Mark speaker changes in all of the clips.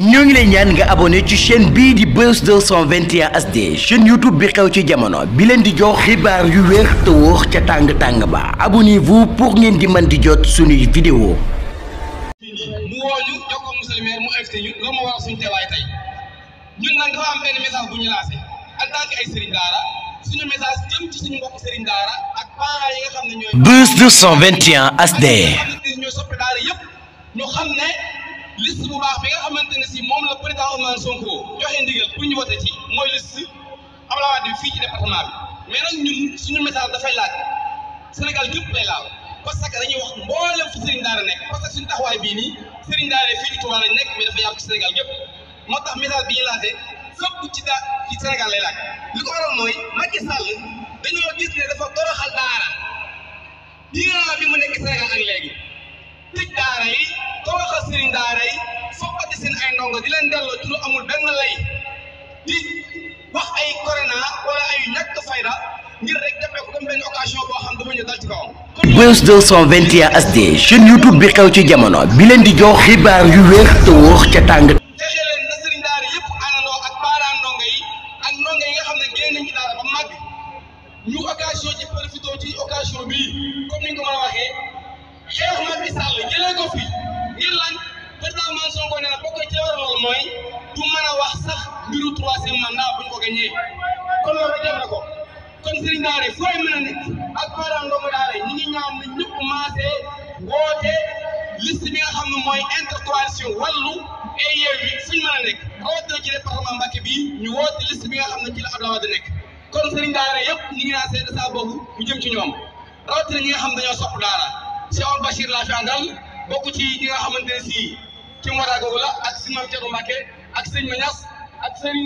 Speaker 1: ñoo ngi lay ñaan nga abonné ci chaîne bii di Buzz d HD chaîne YouTube bi xew ci jamono bi leen di jox xibaar yu weex te ca tàng tàng ba abonnez-vous pour ngeen di mën di jot suñuy vidéo. mu woo ñu
Speaker 2: jokkoo monsieur le mu invité ñu daara suñu
Speaker 1: message xam
Speaker 2: ne. liste bu baax bi nga xamante ne si moom la président Ousmane Sonko joxe ndigal pour ñu wote ci mooy liste Abdoulaye Wade bi fii ci département bi mais nag ñun suñu message dafay laaj Sénégal gépp lay laal parce que dañuy wax mboolem fu Serigne Daara nekk parce que suñu taxawaay bii nii Serigne Daara fii ci Touba lañ nekk mais dafa yaatu ci Sénégal gépp moo tax message bi ñuy laajte fépp ci da ci Sénégal lay laaj li ko waral mooy Macky Sall dañoo gis ne dafa toroxal daara biir mu nekk Sénégal ndongo di leen delloo ci lu amul benn di wax ay corona wala ay ñàkk fayda ngir rek defee ko
Speaker 1: comme benn occasion boo xam dafa ñu dal ci kawam. Buzz 221 HD bi xew ci jamono bi leen di jox xibaar yu wér te tàng.
Speaker 2: ñu occasion ci profité ci occasion bi comme ni nga ko mën a waxee xeex Macky ko fi mooy du a wax sax mbiru troisième mandat buñ ko gañee kon loolu def na ko kon sëriñ daara a nekk ak parents ndongo ñaan na ñëpp maase woote liste bi nga xam ne mooy intercoalition wàllu ay yeewi fuñ mën a nekk rawatina ci département Mbacké bii ñu woote liste bi nga xam ne ci la Abdoulaye Wade nekk kon sëriñ daara yëpp ñi ngi naan seede saa boobu mu jëm ci ñoom rawatina ñi nga xam dañoo sopp daara Cheikh Bachir laa fi àndal bokk ci ñi nga xamante si ci Morago la. sëñ Mame Thierno Mbacké ak sëñ Mañas ak sëñ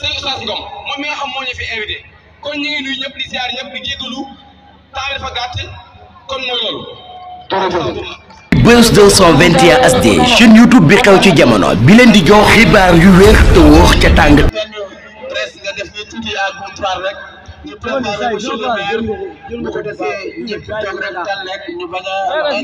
Speaker 2: sëñ xam moo ñu fi invité kon ñu ngi nuyu ñëpp di ziar
Speaker 1: bi YouTube bi xew ci jamono bi leen di jox xibaar yu wér te wóor ca tàng. presse nga def ñu
Speaker 2: tuuti à comptoir rek ñu préparé